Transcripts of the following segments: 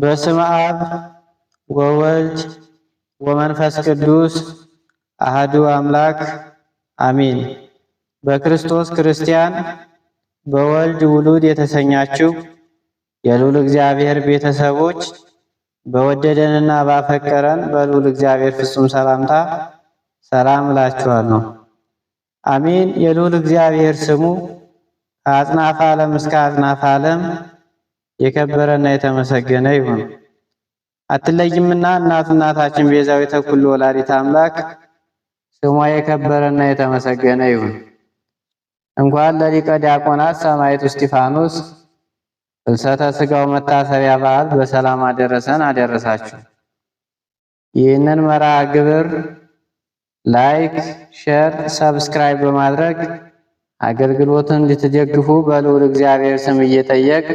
በስም አብ ወወልድ ወመንፈስ ቅዱስ አህዱ አምላክ አሚን። በክርስቶስ ክርስቲያን በወልድ ውሉድ የተሰኛችሁ የልዑል እግዚአብሔር ቤተሰቦች በወደደንና ባፈቀረን በልዑል እግዚአብሔር ፍጹም ሰላምታ ሰላም እላችኋለሁ። አሚን። የልዑል እግዚአብሔር ስሙ ከአጽናፈ ዓለም እስከ አጽናፈ ዓለም የከበረና የተመሰገነ ይሁን። አትለይምና እናት እናታችን ቤዛዊተ ኩሉ ወላዲተ አምላክ ስሟ የከበረና የተመሰገነ ይሁን። እንኳን ለሊቀ ዲያቆናት ሰማዕቱ እስጢፋኖስ ፍልሰተ ሥጋው መታሰቢያ በዓል በሰላም አደረሰን አደረሳችሁ። ይህንን መርሃ ግብር ላይክ፣ ሼር፣ ሰብስክራይብ በማድረግ አገልግሎትን ልትደግፉ በልዑል እግዚአብሔር ስም እየጠየቅ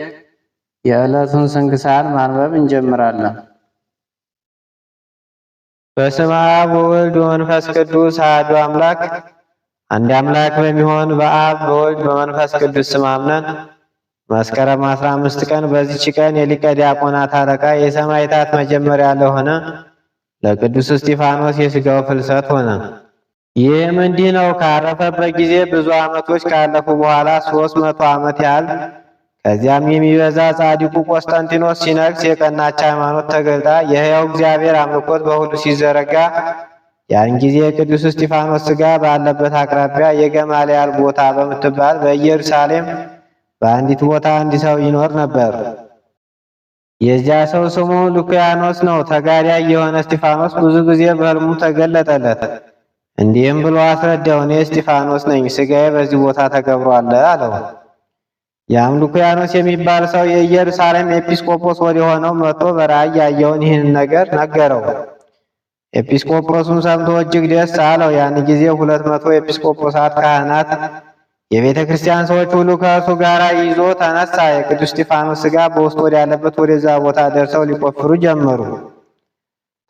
የዕለቱን ስንክሳር ማንበብ እንጀምራለን። በስመ አብ ወወልድ ወመንፈስ ቅዱስ አሐዱ አምላክ አንድ አምላክ በሚሆን በአብ በወልድ በመንፈስ ቅዱስ ስም አምነን መስከረም 15 ቀን በዚች ቀን የሊቀ ዲያቆናት አለቃ የሰማዕታት መጀመሪያ ለሆነ ለቅዱስ እስጢፋኖስ የሥጋው ፍልሰት ሆነ። ይህም እንዲህ ነው። ካረፈበት ጊዜ ብዙ ዓመቶች ካለፉ በኋላ ሦስት መቶ ዓመት ያህል ከዚያም የሚበዛ ጻድቁ ቆስጠንጢኖስ ሲነግስ የቀናች ሃይማኖት ተገልጣ የሕያው እግዚአብሔር አምልኮት በሁሉ ሲዘረጋ ያን ጊዜ የቅዱስ እስጢፋኖስ ሥጋ ባለበት አቅራቢያ የገማልያል ቦታ በምትባል በኢየሩሳሌም በአንዲት ቦታ አንድ ሰው ይኖር ነበር። የዚያ ሰው ስሙ ሉኪያኖስ ነው። ተጋዳይ የሆነ እስጢፋኖስ ብዙ ጊዜ በሕልሙ ተገለጠለት። እንዲህም ብሎ አስረዳው፣ እኔ እስጢፋኖስ ነኝ፣ ሥጋዬ በዚህ ቦታ ተቀብሯል አለው። የአምልኩያኖስ የሚባል ሰው የኢየሩሳሌም ኤጲስቆጶስ ወደሆነው መጥቶ በራእይ ያየውን ይህንን ነገር ነገረው። ኤጲስቆጶሱን ሰምቶ እጅግ ደስ አለው። ያን ጊዜ ሁለት መቶ ኤጲስቆጶሳት፣ ካህናት፣ የቤተ ክርስቲያን ሰዎች ሁሉ ከእርሱ ጋር ይዞ ተነሳ። የቅዱስ እስጢፋኖስ ሥጋ በውስጡ ወዳለበት ወደዛ ቦታ ደርሰው ሊቆፍሩ ጀመሩ።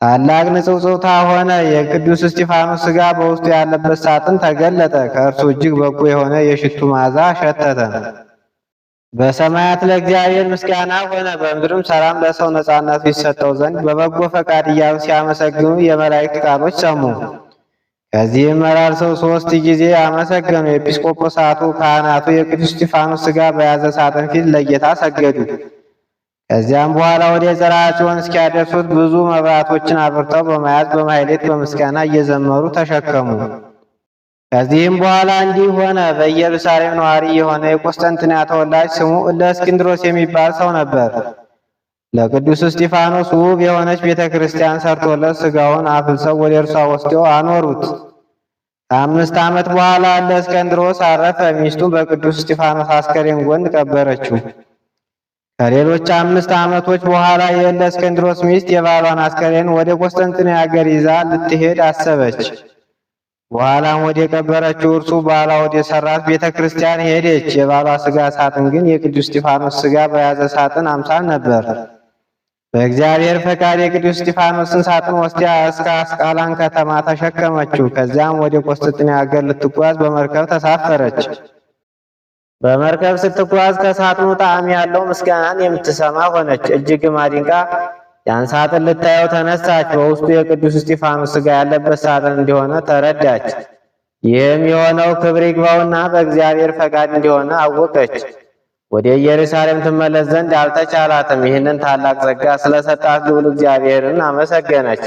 ታላቅ ንጽውጽውታ ሆነ። የቅዱስ እስጢፋኖስ ሥጋ በውስጡ ያለበት ሳጥን ተገለጠ። ከእርሱ እጅግ በጎ የሆነ የሽቱ መዓዛ ሸተተ። በሰማያት ለእግዚአብሔር ምስጋና ሆነ፣ በምድርም ሰላም ለሰው ነፃነቱ ይሰጠው ዘንድ በበጎ ፈቃድ እያሉ ሲያመሰግኑ የመላእክት ቃሎች ሰሙ። ከዚህም ሰው ሦስት ጊዜ አመሰገኑ። የኤጲስቆጶሳቱ ካህናቱ የቅዱስ እስጢፋኖስ ሥጋ በያዘ ሳጥን ፊት ለጌታ ሰገዱ። ከዚያም በኋላ ወደ ጽርሐ ጽዮን እስኪያደርሱት ብዙ መብራቶችን አብርተው በመያዝ በማሕሌት በምስጋና እየዘመሩ ተሸከሙ። ከዚህም በኋላ እንዲህ ሆነ። በኢየሩሳሌም ነዋሪ የሆነ የቆስጠንጥንያ ተወላጅ ስሙ እለእስክንድሮስ የሚባል ሰው ነበር። ለቅዱስ እስጢፋኖስ ውብ የሆነች ቤተ ክርስቲያን ሰርቶለት ስጋውን አፍልሰው ወደ እርሷ ወስደው አኖሩት። ከአምስት ዓመት በኋላ እለእስክንድሮስ አረፈ። ሚስቱን በቅዱስ እስጢፋኖስ አስከሬን ጎን ቀበረችው። ከሌሎች አምስት ዓመቶች በኋላ የእለእስክንድሮስ ሚስት የባሏን አስከሬን ወደ ቆስጠንጥንያ አገር ይዛ ልትሄድ አሰበች። በኋላም ወደ ቀበረችው እርሱ ባላ ወደ ሰራት ቤተ ክርስቲያን ሄደች። የባሏ ስጋ ሳጥን ግን የቅዱስ እስጢፋኖስ ስጋ በያዘ ሳጥን አምሳል ነበር። በእግዚአብሔር ፈቃድ የቅዱስ እስጢፋኖስን ሳጥን ወስዲያ እስከ አስቃላን ከተማ ተሸከመችው። ከዚያም ወደ ቆስጥንጥንያ ያገር ልትጓዝ በመርከብ ተሳፈረች። በመርከብ ስትጓዝ ከሳጥኑ ጣዕም ያለው ምስጋናን የምትሰማ ሆነች። እጅግም አድንቃ ያን ሳጥን ልታየው ተነሳች። በውስጡ የቅዱስ እስጢፋኖስ ሥጋ ያለበት ሳጥን እንደሆነ ተረዳች። ይህም የሆነው ክብር ይግባውና በእግዚአብሔር ፈቃድ እንደሆነ አወቀች። ወደ ኢየሩሳሌም ትመለስ ዘንድ አልተቻላትም። ይህንን ታላቅ ጸጋ ስለሰጣት ልዑል እግዚአብሔርን አመሰገነች።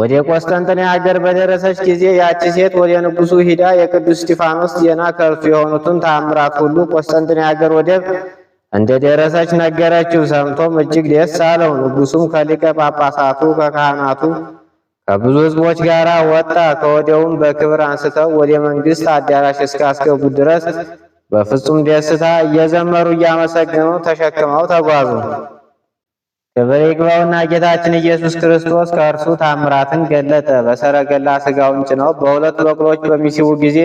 ወደ ቆስጠንጥንያ አገር በደረሰች ጊዜ ያቺ ሴት ወደ ንጉሡ ሂዳ የቅዱስ እስጢፋኖስ ዜና ከእርሱ የሆኑትን ተአምራት ሁሉ ቆስጠንጥንያ አገር ወደብ እንደ ደረሰች ነገረችው። ሰምቶም እጅግ ደስ አለው። ንጉሱም ከሊቀ ጳጳሳቱ ከካህናቱ ከብዙ ሕዝቦች ጋር ወጣ። ከወዲያውም በክብር አንስተው ወደ መንግስት አዳራሽ እስካስገቡ ድረስ በፍጹም ደስታ እየዘመሩ እያመሰገኑ ተሸክመው ተጓዙ። ክብር ይግባውና ጌታችን ኢየሱስ ክርስቶስ ከእርሱ ታምራትን ገለጠ። በሰረገላ ስጋውን ጭነው በሁለት በቅሎች በሚስቡ ጊዜ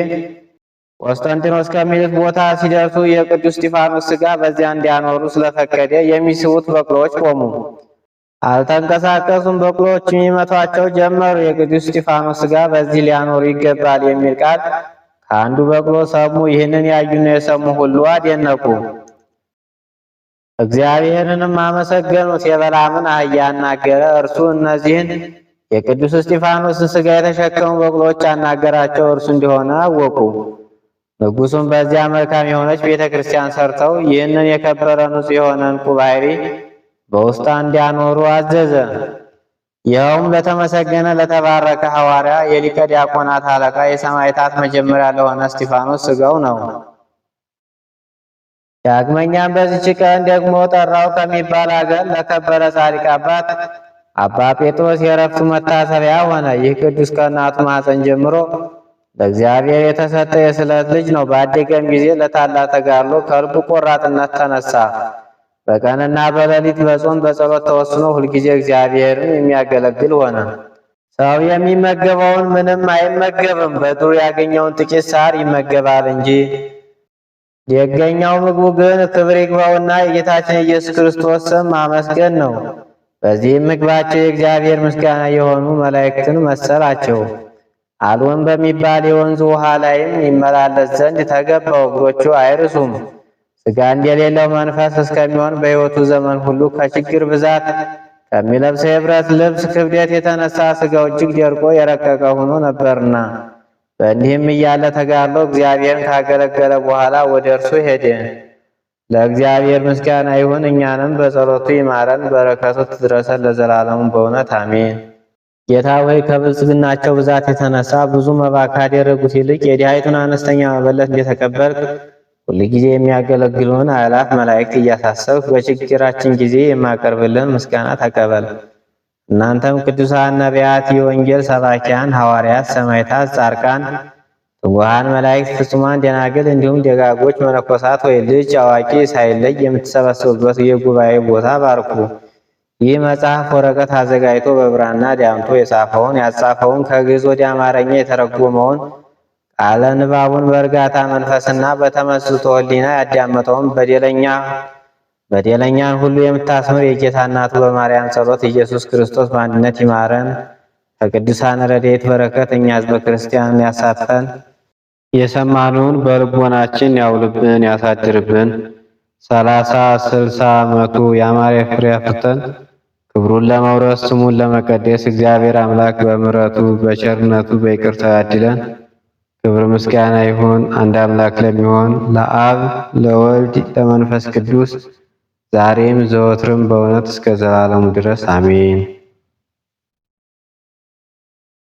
ቆስጠንጢኖስ ከሚሉት ቦታ ሲደርሱ የቅዱስ እስጢፋኖስ ሥጋ በዚያ እንዲያኖሩ ስለፈቀደ የሚስቡት በቅሎዎች ቆሙ። አልተንቀሳቀሱም። በቅሎዎች የሚመቷቸው ጀመሩ። የቅዱስ እስጢፋኖስ ሥጋ በዚህ ሊያኖሩ ይገባል የሚል ቃል ከአንዱ በቅሎ ሰሙ። ይህንን ያዩና የሰሙ ሁሉ አደነቁ፣ እግዚአብሔርንም አመሰገኑት። የበላምን አህያ አናገረ። እርሱ እነዚህን የቅዱስ እስጢፋኖስን ሥጋ የተሸከሙ በቅሎዎች አናገራቸው እርሱ እንደሆነ አወቁ። ንጉሱም በዚያ መልካም የሆነች ቤተ ክርስቲያን ሰርተው ይህንን የከበረ ንጹሕ የሆነ ቁባይሪ በውስጣ እንዲያኖሩ አዘዘ። ይኸውም ለተመሰገነ ለተባረከ ሐዋርያ የሊቀ ዲያቆናት አለቃ የሰማዕታት መጀመሪያ ለሆነ እስጢፋኖስ ስጋው ነው። ዳግመኛም በዚች ቀን ደግሞ ጠራው ከሚባል አገር ለከበረ ጻድቅ አባት አባ ጴጥሮስ የረፍቱ መታሰቢያ ሆነ። ይህ ቅዱስ ከእናቱ ማኅፀን ጀምሮ ለእግዚአብሔር የተሰጠ የስለት ልጅ ነው። ባደገም ጊዜ ለታላቅ ተጋድሎ ከልቡ ቆራጥነት ተነሳ። በቀንና በሌሊት በጾም በጸሎት ተወስኖ ሁልጊዜ እግዚአብሔርን የሚያገለግል ሆነ። ሰው የሚመገበውን ምንም አይመገብም፣ በዱር ያገኘውን ጥቂት ሳር ይመገባል እንጂ። የገኘው ምግቡ ግን ክብር ይግባውና የጌታችን ኢየሱስ ክርስቶስ ስም ማመስገን ነው። በዚህም ምግባቸው የእግዚአብሔር ምስጋና የሆኑ መላእክትን መሰላቸው። አልወን በሚባል የወንዝ ውሃ ላይም ይመላለስ ዘንድ ተገባው። እግሮቹ አይርሱም። ስጋ እንደሌለው መንፈስ እስከሚሆን በሕይወቱ ዘመን ሁሉ ከችግር ብዛት ከሚለብሰው የብረት ልብስ ክብደት የተነሳ ስጋው እጅግ ደርቆ የረቀቀ ሆኖ ነበርና፣ በእንዲህም እያለ ተጋድሎ እግዚአብሔርን ካገለገለ በኋላ ወደ እርሱ ሄደ። ለእግዚአብሔር ምስጋና ይሁን፣ እኛንም በጸሎቱ ይማረን፣ በረከቱ ትድረሰን ለዘላለሙ በእውነት አሜን። ጌታ ሆይ ከብልጽግናቸው ብዛት የተነሳ ብዙ መባ ካደረጉት ይልቅ የድሃይቱን አነስተኛ መበለት እንደተቀበልክ ሁልጊዜ የሚያገለግሉን አእላፍ መላእክት እያሳሰብክ በችግራችን ጊዜ የማቀርብልን ምስጋና ተቀበል። እናንተም ቅዱሳን ነቢያት፣ የወንጌል ሰባኪያን ሐዋርያት፣ ሰማዕታት፣ ጻድቃን፣ ትጉሃን መላእክት፣ ፍጹማን ደናግል እንዲሁም ደጋጎች መነኮሳት ወይ ልጅ አዋቂ ሳይለይ የምትሰበሰቡበት የጉባኤ ቦታ ባርኩ። ይህ መጽሐፍ ወረቀት አዘጋጅቶ በብራና ዳምቶ የጻፈውን ያጻፈውን ከግዕዝ ወደ አማርኛ የተረጎመውን ቃለ ንባቡን በእርጋታ መንፈስና በተመስጦ ሕሊና ያዳመጠውን በደለኛ በደለኛን ሁሉ የምታስምር የጌታ እናቱ በማርያም ጸሎት ኢየሱስ ክርስቶስ በአንድነት ይማረን። ከቅዱሳን ረድኤት በረከት እኛ ሕዝበ ክርስቲያን ያሳትፈን። የሰማነውን በልቦናችን ያውልብን ያሳድርብን። ሰላሳ ስልሳ መቶ የአማርያ ፍሬ አፍርተን ክብሩን ለመውረስ ስሙን ለመቀደስ እግዚአብሔር አምላክ በምሕረቱ በቸርነቱ በይቅርታ ያድለን። ክብር ምስጋና ይሁን አንድ አምላክ ለሚሆን ለአብ ለወልድ ለመንፈስ ቅዱስ ዛሬም ዘወትርም በእውነት እስከ ዘላለሙ ድረስ አሜን።